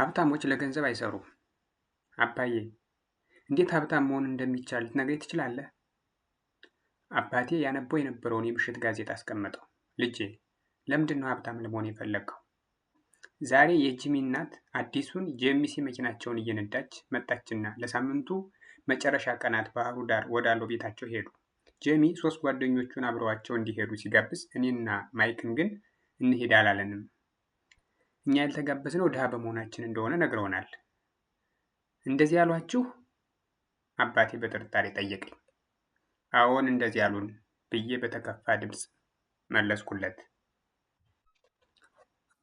ሀብታሞች ለገንዘብ አይሰሩም። አባዬ እንዴት ሀብታም መሆን እንደሚቻል ልትነግረኝ ትችላለህ? አባቴ ያነበው የነበረውን የምሽት ጋዜጣ አስቀመጠው። ልጄ ለምንድን ነው ሀብታም ለመሆን የፈለግከው? ዛሬ የጂሚ እናት አዲሱን ጄሚሲ መኪናቸውን እየነዳች መጣችና ለሳምንቱ መጨረሻ ቀናት ባህሩ ዳር ወዳለው ቤታቸው ሄዱ። ጄሚ ሶስት ጓደኞቹን አብረዋቸው እንዲሄዱ ሲጋብዝ እኔና ማይክን ግን እንሄድ አላለንም። እኛ ያልተጋበዝነው ድሃ በመሆናችን እንደሆነ ነግረውናል። እንደዚህ ያሏችሁ? አባቴ በጥርጣሬ ጠየቀኝ። አዎን እንደዚህ ያሉን ብዬ በተከፋ ድምፅ መለስኩለት።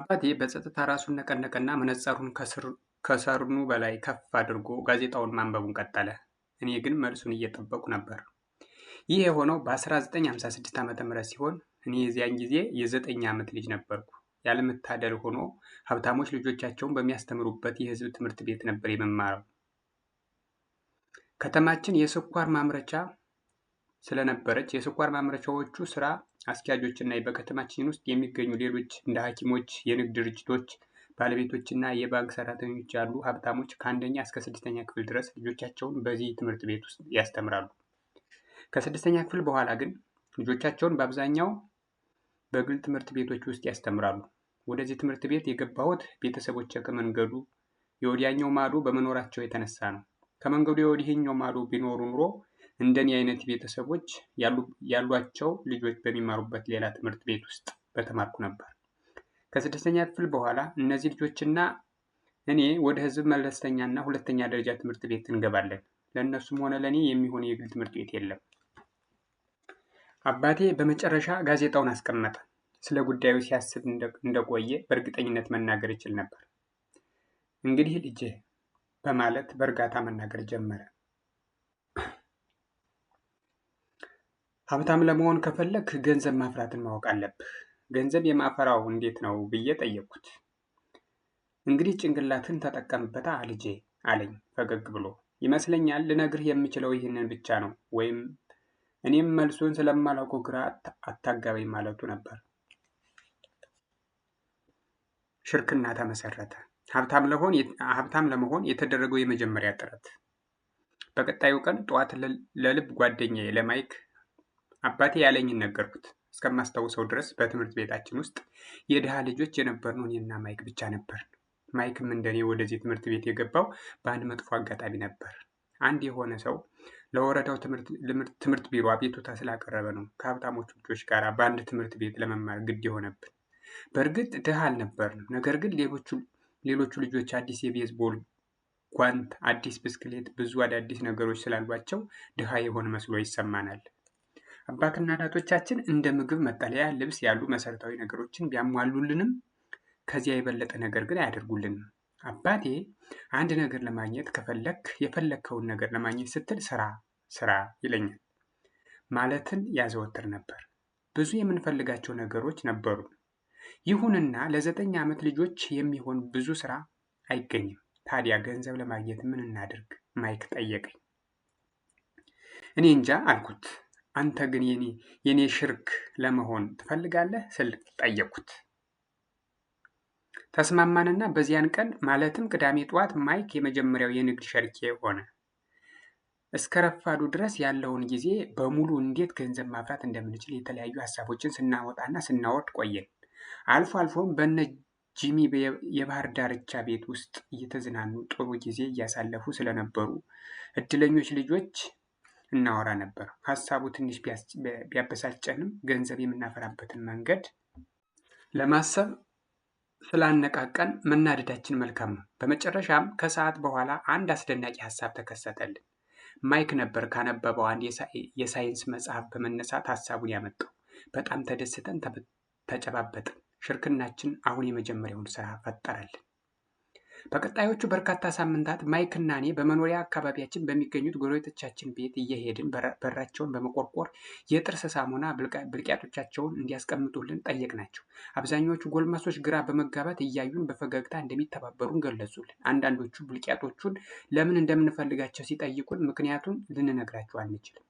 አባቴ በጸጥታ ራሱን ነቀነቀና መነጸሩን ከሰርኑ በላይ ከፍ አድርጎ ጋዜጣውን ማንበቡን ቀጠለ። እኔ ግን መልሱን እየጠበቁ ነበር። ይህ የሆነው በ1956 ዓ ም ሲሆን እኔ የዚያን ጊዜ የዘጠኝ ዓመት ልጅ ነበርኩ። ያለመታደል ሆኖ ሀብታሞች ልጆቻቸውን በሚያስተምሩበት የህዝብ ትምህርት ቤት ነበር የመማረው። ከተማችን የስኳር ማምረቻ ስለነበረች የስኳር ማምረቻዎቹ ስራ አስኪያጆች እና በከተማችን ውስጥ የሚገኙ ሌሎች እንደ ሐኪሞች፣ የንግድ ድርጅቶች ባለቤቶች እና የባንክ ሰራተኞች ያሉ ሀብታሞች ከአንደኛ እስከ ስድስተኛ ክፍል ድረስ ልጆቻቸውን በዚህ ትምህርት ቤት ውስጥ ያስተምራሉ። ከስድስተኛ ክፍል በኋላ ግን ልጆቻቸውን በአብዛኛው በግል ትምህርት ቤቶች ውስጥ ያስተምራሉ። ወደዚህ ትምህርት ቤት የገባሁት ቤተሰቦቼ ከመንገዱ የወዲያኛው ማዶ በመኖራቸው የተነሳ ነው። ከመንገዱ የወዲህኛው ማዶ ቢኖሩ ኑሮ እንደኔ አይነት ቤተሰቦች ያሏቸው ልጆች በሚማሩበት ሌላ ትምህርት ቤት ውስጥ በተማርኩ ነበር። ከስድስተኛ ክፍል በኋላ እነዚህ ልጆችና እኔ ወደ ህዝብ መለስተኛና ሁለተኛ ደረጃ ትምህርት ቤት እንገባለን። ለእነሱም ሆነ ለእኔ የሚሆን የግል ትምህርት ቤት የለም። አባቴ በመጨረሻ ጋዜጣውን አስቀመጠ። ስለ ጉዳዩ ሲያስብ እንደቆየ በእርግጠኝነት መናገር ይችል ነበር። እንግዲህ ልጄ በማለት በእርጋታ መናገር ጀመረ። ሀብታም ለመሆን ከፈለክ ገንዘብ ማፍራትን ማወቅ አለብህ። ገንዘብ የማፈራው እንዴት ነው ብዬ ጠየቅኩት። እንግዲህ ጭንቅላትን ተጠቀምበታ ልጄ አለኝ ፈገግ ብሎ። ይመስለኛል ልነግርህ የምችለው ይህንን ብቻ ነው፣ ወይም እኔም መልሱን ስለማላውቀው ግራ አታጋበኝ ማለቱ ነበር። ሽርክና ተመሰረተ። ሀብታም ለመሆን የተደረገው የመጀመሪያ ጥረት። በቀጣዩ ቀን ጠዋት ለልብ ጓደኛዬ ለማይክ አባቴ ያለኝን ነገርኩት። እስከማስታውሰው ድረስ በትምህርት ቤታችን ውስጥ የድሃ ልጆች የነበርነው እኔና ማይክ ብቻ ነበር። ማይክም እንደኔ ወደዚህ ትምህርት ቤት የገባው በአንድ መጥፎ አጋጣሚ ነበር። አንድ የሆነ ሰው ለወረዳው ትምህርት ቢሮ አቤቱታ ስላቀረበ ነው ከሀብታሞቹ ልጆች ጋር በአንድ ትምህርት ቤት ለመማር ግድ የሆነብን። በእርግጥ ድሃ አልነበርንም፣ ነገር ግን ሌሎቹ ልጆች አዲስ የቤዝቦል ጓንት፣ አዲስ ብስክሌት፣ ብዙ አዳዲስ ነገሮች ስላሏቸው ድሃ የሆን መስሎ ይሰማናል። አባትና እናቶቻችን እንደ ምግብ፣ መጠለያ፣ ልብስ ያሉ መሰረታዊ ነገሮችን ቢያሟሉልንም ከዚያ የበለጠ ነገር ግን አያደርጉልንም። አባቴ አንድ ነገር ለማግኘት ከፈለክ የፈለግከውን ነገር ለማግኘት ስትል ስራ ስራ ይለኛል ማለትን ያዘወትር ነበር። ብዙ የምንፈልጋቸው ነገሮች ነበሩ። ይሁንና ለዘጠኝ ዓመት ልጆች የሚሆን ብዙ ሥራ አይገኝም። ታዲያ ገንዘብ ለማግኘት ምን እናድርግ? ማይክ ጠየቀኝ። እኔ እንጃ አልኩት። አንተ ግን የኔ ሽርክ ለመሆን ትፈልጋለህ? ስል ጠየቅኩት። ተስማማንና በዚያን ቀን ማለትም ቅዳሜ ጠዋት ማይክ የመጀመሪያው የንግድ ሸርኬ ሆነ። እስከ ረፋዱ ድረስ ያለውን ጊዜ በሙሉ እንዴት ገንዘብ ማፍራት እንደምንችል የተለያዩ ሀሳቦችን ስናወጣና ስናወርድ ቆየን። አልፎ አልፎም በነ ጂሚ የባህር ዳርቻ ቤት ውስጥ እየተዝናኑ ጥሩ ጊዜ እያሳለፉ ስለነበሩ እድለኞች ልጆች እናወራ ነበር። ሀሳቡ ትንሽ ቢያበሳጨንም ገንዘብ የምናፈራበትን መንገድ ለማሰብ ስላነቃቀን መናደዳችን መልካም ነው። በመጨረሻም ከሰዓት በኋላ አንድ አስደናቂ ሀሳብ ተከሰተልን። ማይክ ነበር ካነበበው አንድ የሳይንስ መጽሐፍ በመነሳት ሀሳቡን ያመጣው። በጣም ተደስተን ተጨባበጥን። ሽርክናችን አሁን የመጀመሪያውን ስራ ፈጠረልን። በቀጣዮቹ በርካታ ሳምንታት ማይክና እኔ በመኖሪያ አካባቢያችን በሚገኙት ጎረቤቶቻችን ቤት እየሄድን በራቸውን በመቆርቆር የጥርስ ሳሙና ብልቅያቶቻቸውን እንዲያስቀምጡልን ጠየቅናቸው። አብዛኛዎቹ ጎልማሶች ግራ በመጋባት እያዩን በፈገግታ እንደሚተባበሩን ገለጹልን። አንዳንዶቹ ብልቅያቶቹን ለምን እንደምንፈልጋቸው ሲጠይቁን ምክንያቱን ልንነግራቸው አንችልም።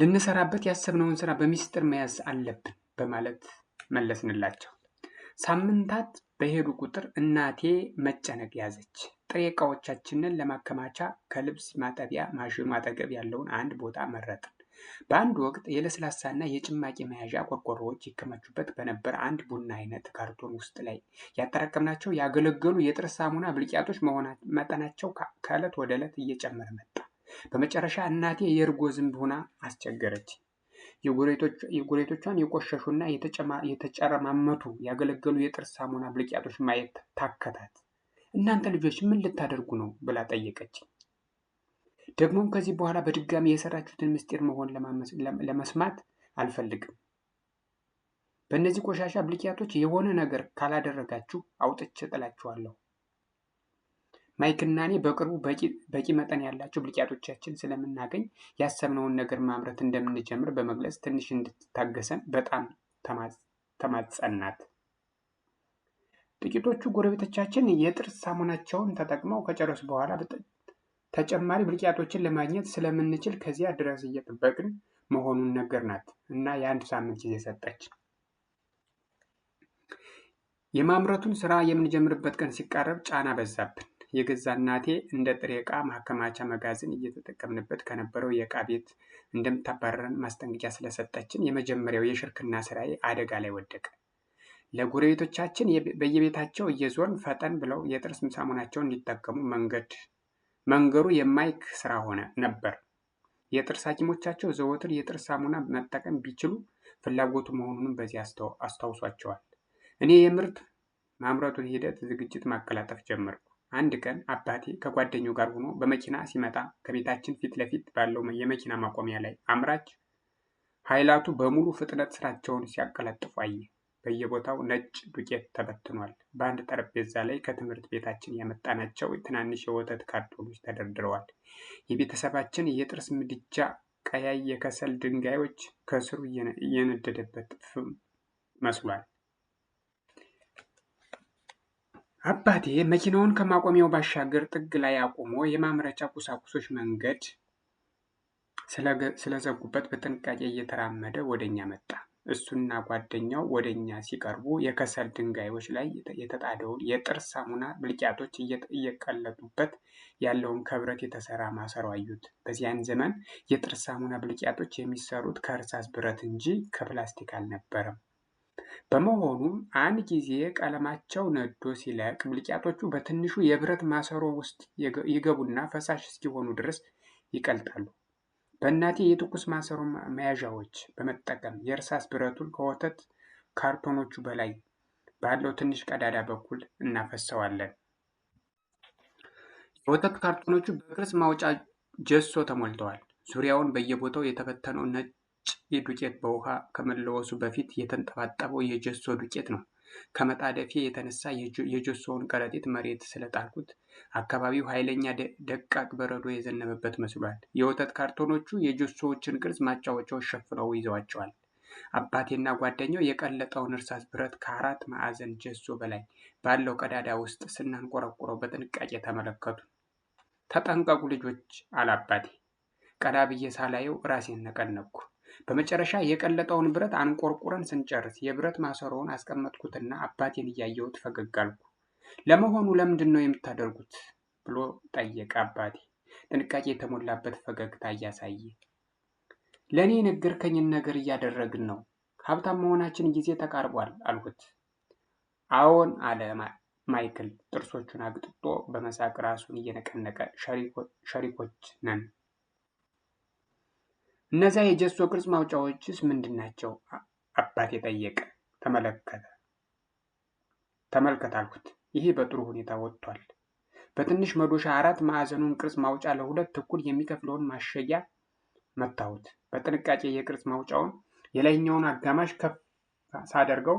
ልንሰራበት ያሰብነውን ስራ በሚስጥር መያዝ አለብን በማለት መለስንላቸው። ሳምንታት በሄዱ ቁጥር እናቴ መጨነቅ ያዘች። ጥሬ እቃዎቻችንን ለማከማቻ ከልብስ ማጠቢያ ማሽኑ አጠገብ ያለውን አንድ ቦታ መረጥን። በአንድ ወቅት የለስላሳና የጭማቂ መያዣ ቆርቆሮዎች ይከማቹበት በነበረ አንድ ቡና አይነት ካርቶን ውስጥ ላይ ያጠራቀምናቸው ያገለገሉ የጥርስ ሳሙና ብልቃጦች መጠናቸው ከእለት ወደ ዕለት እየጨመረ መጣ። በመጨረሻ እናቴ የእርጎ ዝንብ ሆና አስቸገረች። የጎረቤቶቿን የቆሸሹና የተጨረማመቱ ያገለገሉ የጥርስ ሳሙና ብልቅያቶች ማየት ታከታት። እናንተ ልጆች ምን ልታደርጉ ነው ብላ ጠየቀች። ደግሞም ከዚህ በኋላ በድጋሚ የሰራችሁትን ምስጢር መሆን ለመስማት አልፈልግም። በእነዚህ ቆሻሻ ብልቅያቶች የሆነ ነገር ካላደረጋችሁ አውጥቼ ጥላችኋለሁ ማይክና እኔ በቅርቡ በቂ መጠን ያላቸው ብልቂያቶቻችን ስለምናገኝ ያሰብነውን ነገር ማምረት እንደምንጀምር በመግለጽ ትንሽ እንድትታገሰን በጣም ተማጸናት። ጥቂቶቹ ጎረቤቶቻችን የጥርስ ሳሙናቸውን ተጠቅመው ከጨረሱ በኋላ ተጨማሪ ብልቂያቶችን ለማግኘት ስለምንችል ከዚያ ድረስ እየጠበቅን መሆኑን ነገርናት እና የአንድ ሳምንት ጊዜ ሰጠች። የማምረቱን ስራ የምንጀምርበት ቀን ሲቃረብ ጫና በዛብን። የገዛ እናቴ እንደ ጥሬ ዕቃ ማከማቻ መጋዘን እየተጠቀምንበት ከነበረው የዕቃ ቤት እንደምታባረረን ማስጠንቀቂያ ስለሰጠችን የመጀመሪያው የሽርክና ስራዬ አደጋ ላይ ወደቀ። ለጎረቤቶቻችን በየቤታቸው እየዞርን ፈጠን ብለው የጥርስ ሳሙናቸውን እንዲጠቀሙ መንገድ መንገሩ የማይክ ስራ ሆነ ነበር። የጥርስ ሐኪሞቻቸው ዘወትር የጥርስ ሳሙና መጠቀም ቢችሉ ፍላጎቱ መሆኑንም በዚህ አስታውሷቸዋል። እኔ የምርት ማምረቱን ሂደት ዝግጅት ማቀላጠፍ ጀመርኩ። አንድ ቀን አባቴ ከጓደኛው ጋር ሆኖ በመኪና ሲመጣ ከቤታችን ፊት ለፊት ባለው የመኪና ማቆሚያ ላይ አምራች ኃይላቱ በሙሉ ፍጥነት ስራቸውን ሲያቀላጥፉ አየ። በየቦታው ነጭ ዱቄት ተበትኗል። በአንድ ጠረጴዛ ላይ ከትምህርት ቤታችን ያመጣናቸው ትናንሽ የወተት ካርቶኖች ተደርድረዋል። የቤተሰባችን የጥርስ ምድጃ ቀያይ የከሰል ድንጋዮች ከስሩ የነደደበት ፍም መስሏል። አባቴ መኪናውን ከማቆሚያው ባሻገር ጥግ ላይ አቁሞ የማምረቻ ቁሳቁሶች መንገድ ስለዘጉበት በጥንቃቄ እየተራመደ ወደኛ መጣ። እሱና ጓደኛው ወደኛ ሲቀርቡ የከሰል ድንጋዮች ላይ የተጣደውን የጥርስ ሳሙና ብልቂያቶች እየቀለጡበት ያለውን ከብረት የተሰራ ማሰሮ አዩት። በዚያን ዘመን የጥርስ ሳሙና ብልቂያቶች የሚሰሩት ከእርሳስ ብረት እንጂ ከፕላስቲክ አልነበረም። በመሆኑም አንድ ጊዜ ቀለማቸው ነዶ ሲለቅ ብልቃጦቹ በትንሹ የብረት ማሰሮ ውስጥ ይገቡና ፈሳሽ እስኪሆኑ ድረስ ይቀልጣሉ። በእናቴ የትኩስ ማሰሮ መያዣዎች በመጠቀም የእርሳስ ብረቱን ከወተት ካርቶኖቹ በላይ ባለው ትንሽ ቀዳዳ በኩል እናፈሰዋለን። የወተት ካርቶኖቹ በቅርጽ ማውጫ ጀሶ ተሞልተዋል። ዙሪያውን በየቦታው የተበተነው ነጭ ነጭ የዱቄት በውሃ ከመለወሱ በፊት የተንጠባጠበው የጀሶ ዱቄት ነው። ከመጣደፌ የተነሳ የጀሶውን ከረጢት መሬት ስለጣልኩት አካባቢው ኃይለኛ ደቃቅ በረዶ የዘነበበት መስሏል። የወተት ካርቶኖቹ የጀሶዎችን ቅርጽ ማጫወቻዎች ሸፍነው ይዘዋቸዋል። አባቴና ጓደኛው የቀለጠውን እርሳስ ብረት ከአራት ማዕዘን ጀሶ በላይ ባለው ቀዳዳ ውስጥ ስናንቆረቁረው በጥንቃቄ ተመለከቱ። ተጠንቀቁ ልጆች አለ አባቴ። ቀና ብዬ ሳላየው ራሴን ነቀነኩ። በመጨረሻ የቀለጠውን ብረት አንቆርቁረን ስንጨርስ የብረት ማሰሮውን አስቀመጥኩትና አባቴን እያየሁት ፈገግ አልኩ። ለመሆኑ ለምንድን ነው የምታደርጉት? ብሎ ጠየቀ አባቴ ጥንቃቄ የተሞላበት ፈገግታ እያሳየ። ለእኔ የነገርከኝን ነገር እያደረግን ነው። ሀብታም መሆናችን ጊዜ ተቃርቧል አልኩት። አዎን አለ ማይክል ጥርሶቹን አግጥጦ በመሳቅ ራሱን እየነቀነቀ። ሸሪኮች ነን። እነዚያ የጀሶ ቅርጽ ማውጫዎችስ ምንድን ናቸው? አባቴ ጠየቀ። ተመለከተ ተመልከት አልኩት። ይሄ በጥሩ ሁኔታ ወጥቷል። በትንሽ መዶሻ አራት ማዕዘኑን ቅርጽ ማውጫ ለሁለት እኩል የሚከፍለውን ማሸጊያ መታሁት። በጥንቃቄ የቅርጽ ማውጫውን የላይኛውን አጋማሽ ከፍ ሳደርገው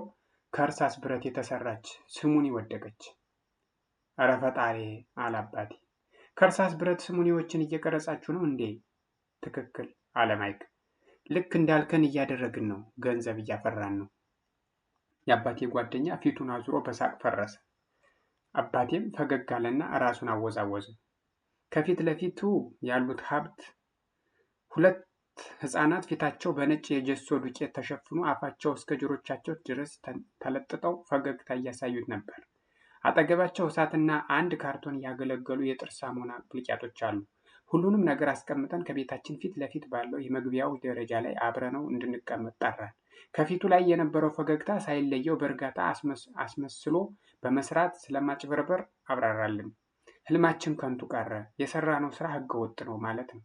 ከእርሳስ ብረት የተሰራች ስሙኒ ወደቀች። እረ ፈጣሪ አላባቴ፣ ከእርሳስ ብረት ስሙኒዎችን እየቀረጻችሁ ነው እንዴ? ትክክል አለማይክ ልክ እንዳልከን እያደረግን ነው፣ ገንዘብ እያፈራን ነው። የአባቴ ጓደኛ ፊቱን አዙሮ በሳቅ ፈረሰ። አባቴም ፈገግ አለና ራሱን አወዛወዘ። ከፊት ለፊቱ ያሉት ሀብት ሁለት ህፃናት ፊታቸው በነጭ የጀሶ ዱቄት ተሸፍኖ አፋቸው እስከ ጆሮቻቸው ድረስ ተለጥጠው ፈገግታ እያሳዩት ነበር። አጠገባቸው እሳትና አንድ ካርቶን ያገለገሉ የጥርስ ሳሙና ብልቃጦች አሉ። ሁሉንም ነገር አስቀምጠን ከቤታችን ፊት ለፊት ባለው የመግቢያው ደረጃ ላይ አብረነው እንድንቀመጥ ጠራን። ከፊቱ ላይ የነበረው ፈገግታ ሳይለየው በእርጋታ አስመስሎ በመስራት ስለማጭበርበር አብራራልን። ህልማችን ከንቱ ቀረ፣ የሰራነው ስራ ህገወጥ ነው ማለት ነው።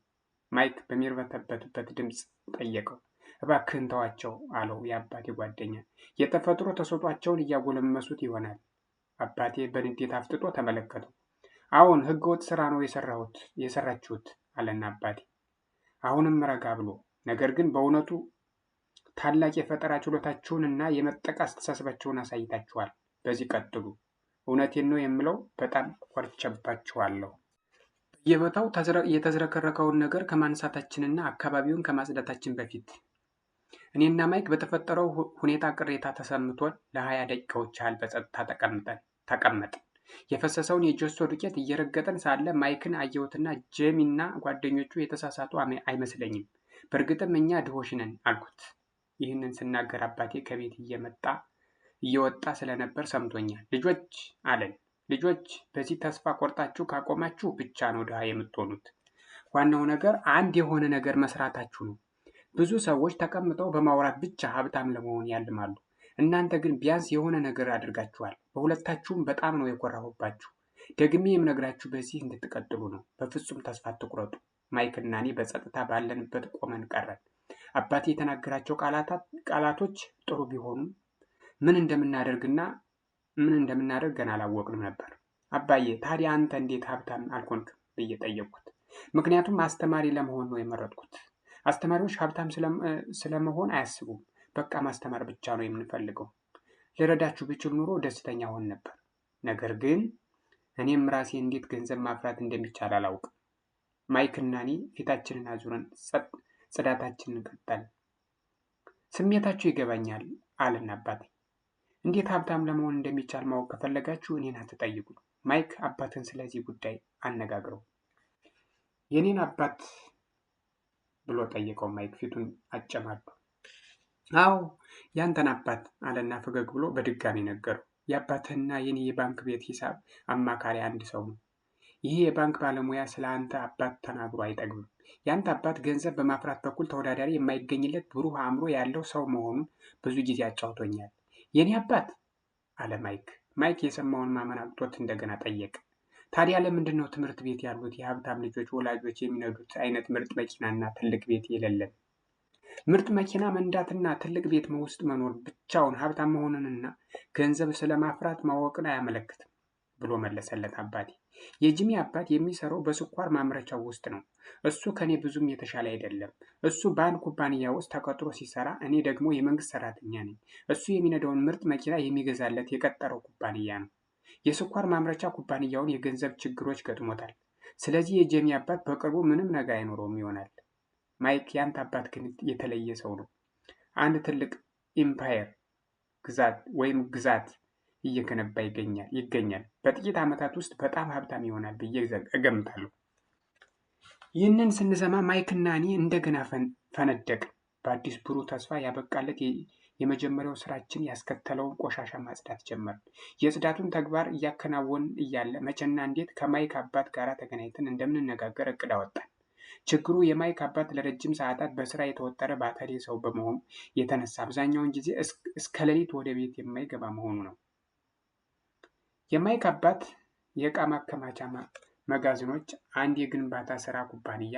ማይክ በሚርበተበትበት ድምፅ ጠየቀው። እባክህን ተዋቸው አለው የአባቴ ጓደኛ። የተፈጥሮ ተሰጧቸውን እያጎለመሱት ይሆናል። አባቴ በንዴት አፍጥጦ ተመለከተው። አሁን ህገወጥ ስራ ነው የሰራሁት የሰራችሁት አለና አባቴ አሁንም ረጋ ብሎ ነገር ግን በእውነቱ ታላቅ የፈጠራ ችሎታችሁን እና የመጠቅ አስተሳሰባችሁን አሳይታችኋል። በዚህ ቀጥሉ። እውነቴን ነው የምለው፣ በጣም ኮርቸባችኋለሁ። በየቦታው የተዝረከረከውን ነገር ከማንሳታችንና አካባቢውን ከማጽዳታችን በፊት እኔና ማይክ በተፈጠረው ሁኔታ ቅሬታ ተሰምቶን ለሀያ ደቂቃዎች ያህል በጸጥታ ተቀምጠን ተቀመጥ የፈሰሰውን የጀሶ ዱቄት እየረገጠን ሳለ ማይክን አየሁትና ጄሚና ጓደኞቹ የተሳሳቱ አይመስለኝም፣ በእርግጥም እኛ ድሆች ነን አልኩት። ይህንን ስናገር አባቴ ከቤት እየመጣ እየወጣ ስለነበር ሰምቶኛል። ልጆች አለን፣ ልጆች በዚህ ተስፋ ቆርጣችሁ ካቆማችሁ ብቻ ነው ድሃ የምትሆኑት። ዋናው ነገር አንድ የሆነ ነገር መስራታችሁ ነው። ብዙ ሰዎች ተቀምጠው በማውራት ብቻ ሀብታም ለመሆን ያልማሉ። እናንተ ግን ቢያንስ የሆነ ነገር አድርጋችኋል። በሁለታችሁም በጣም ነው የኮራሁባችሁ። ደግሜ የምነግራችሁ በዚህ እንድትቀጥሉ ነው። በፍጹም ተስፋ አትቁረጡ። ማይክና እኔ በጸጥታ ባለንበት ቆመን ቀረን። አባቴ የተናገራቸው ቃላቶች ጥሩ ቢሆኑም ምን እንደምናደርግና ምን እንደምናደርግ ገና አላወቅንም ነበር። አባዬ ታዲያ አንተ እንዴት ሀብታም አልሆንክም ብዬ ጠየቅኩት። ምክንያቱም አስተማሪ ለመሆን ነው የመረጥኩት። አስተማሪዎች ሀብታም ስለመሆን አያስቡም። በቃ ማስተማር ብቻ ነው የምንፈልገው ልረዳችሁ ብችል ኑሮ ደስተኛ ሆን ነበር። ነገር ግን እኔም ራሴ እንዴት ገንዘብ ማፍራት እንደሚቻል አላውቅም። ማይክና እኔ ፊታችንን አዙረን ጽዳታችንን ቀጠል። ስሜታችሁ ይገባኛል አለን አባቴ። እንዴት ሀብታም ለመሆን እንደሚቻል ማወቅ ከፈለጋችሁ እኔን አትጠይቁ። ማይክ አባትን ስለዚህ ጉዳይ አነጋግረው። የኔን አባት ብሎ ጠየቀው። ማይክ ፊቱን አጨማዱ። አዎ ያንተን አባት አለና ፈገግ ብሎ በድጋሚ ነገረው። የአባትህና የኔ የባንክ ቤት ሂሳብ አማካሪ አንድ ሰው ነው። ይህ የባንክ ባለሙያ ስለ አንተ አባት ተናግሮ አይጠግብም። የአንተ አባት ገንዘብ በማፍራት በኩል ተወዳዳሪ የማይገኝለት ብሩህ አእምሮ ያለው ሰው መሆኑን ብዙ ጊዜ አጫውቶኛል። የኔ አባት አለ ማይክ። ማይክ የሰማውን ማመን አቅቶት እንደገና ጠየቀ። ታዲያ ለምንድን ነው ትምህርት ቤት ያሉት የሀብታም ልጆች ወላጆች የሚነዱት አይነት ምርጥ መኪናና ትልቅ ቤት የሌለን? ምርጥ መኪና መንዳትና ትልቅ ቤት ውስጥ መኖር ብቻውን ሀብታም መሆንንና ገንዘብ ስለማፍራት ማወቅን አያመለክትም ብሎ መለሰለት አባቴ። የጂሚ አባት የሚሰራው በስኳር ማምረቻው ውስጥ ነው። እሱ ከኔ ብዙም የተሻለ አይደለም። እሱ በአንድ ኩባንያ ውስጥ ተቀጥሮ ሲሰራ፣ እኔ ደግሞ የመንግስት ሰራተኛ ነኝ። እሱ የሚነዳውን ምርጥ መኪና የሚገዛለት የቀጠረው ኩባንያ ነው። የስኳር ማምረቻ ኩባንያውን የገንዘብ ችግሮች ገጥሞታል። ስለዚህ የጂሚ አባት በቅርቡ ምንም ነገር አይኖረውም ይሆናል። ማይክ ያንተ አባት ግን የተለየ ሰው ነው። አንድ ትልቅ ኢምፓየር ግዛት ወይም ግዛት እየገነባ ይገኛል ይገኛል በጥቂት ዓመታት ውስጥ በጣም ሀብታም ይሆናል ብዬ እገምታለሁ። ይህንን ስንሰማ ማይክና እኔ እንደገና ፈነደቅ። በአዲስ ብሩህ ተስፋ ያበቃለት የመጀመሪያው ስራችን ያስከተለውን ቆሻሻ ማጽዳት ጀመር። የጽዳቱን ተግባር እያከናወን እያለ መቼና እንዴት ከማይክ አባት ጋር ተገናኝተን እንደምንነጋገር እቅድ አወጣን። ችግሩ የማይክ አባት ለረጅም ሰዓታት በስራ የተወጠረ ባታሪ ሰው በመሆኑ የተነሳ አብዛኛውን ጊዜ እስከ ሌሊት ወደ ቤት የማይገባ መሆኑ ነው። የማይክ አባት የእቃ ማከማቻ መጋዘኖች፣ አንድ የግንባታ ስራ ኩባንያ፣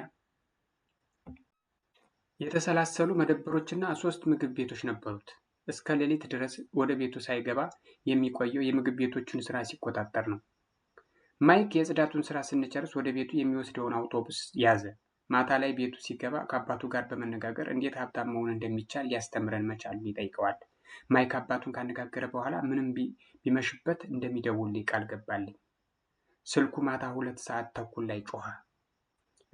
የተሰላሰሉ መደብሮችና ሶስት ምግብ ቤቶች ነበሩት። እስከ ሌሊት ድረስ ወደ ቤቱ ሳይገባ የሚቆየው የምግብ ቤቶቹን ስራ ሲቆጣጠር ነው። ማይክ የጽዳቱን ስራ ስንጨርስ ወደ ቤቱ የሚወስደውን አውቶቡስ ያዘ። ማታ ላይ ቤቱ ሲገባ ከአባቱ ጋር በመነጋገር እንዴት ሀብታም መሆን እንደሚቻል ሊያስተምረን መቻሉን ይጠይቀዋል። ማይክ አባቱን ካነጋገረ በኋላ ምንም ቢመሽበት እንደሚደውልልኝ ቃል ገባልኝ። ስልኩ ማታ ሁለት ሰዓት ተኩል ላይ ጮኸ።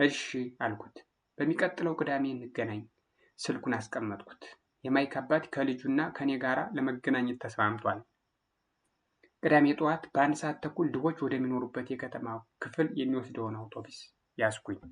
እሺ አልኩት። በሚቀጥለው ቅዳሜ እንገናኝ። ስልኩን አስቀመጥኩት። የማይክ አባት ከልጁና ከእኔ ጋር ለመገናኘት ተስማምቷል። ቅዳሜ ጠዋት በአንድ ሰዓት ተኩል ድቦች ወደሚኖሩበት የከተማ ክፍል የሚወስደውን አውቶቡስ ያስኩኝ።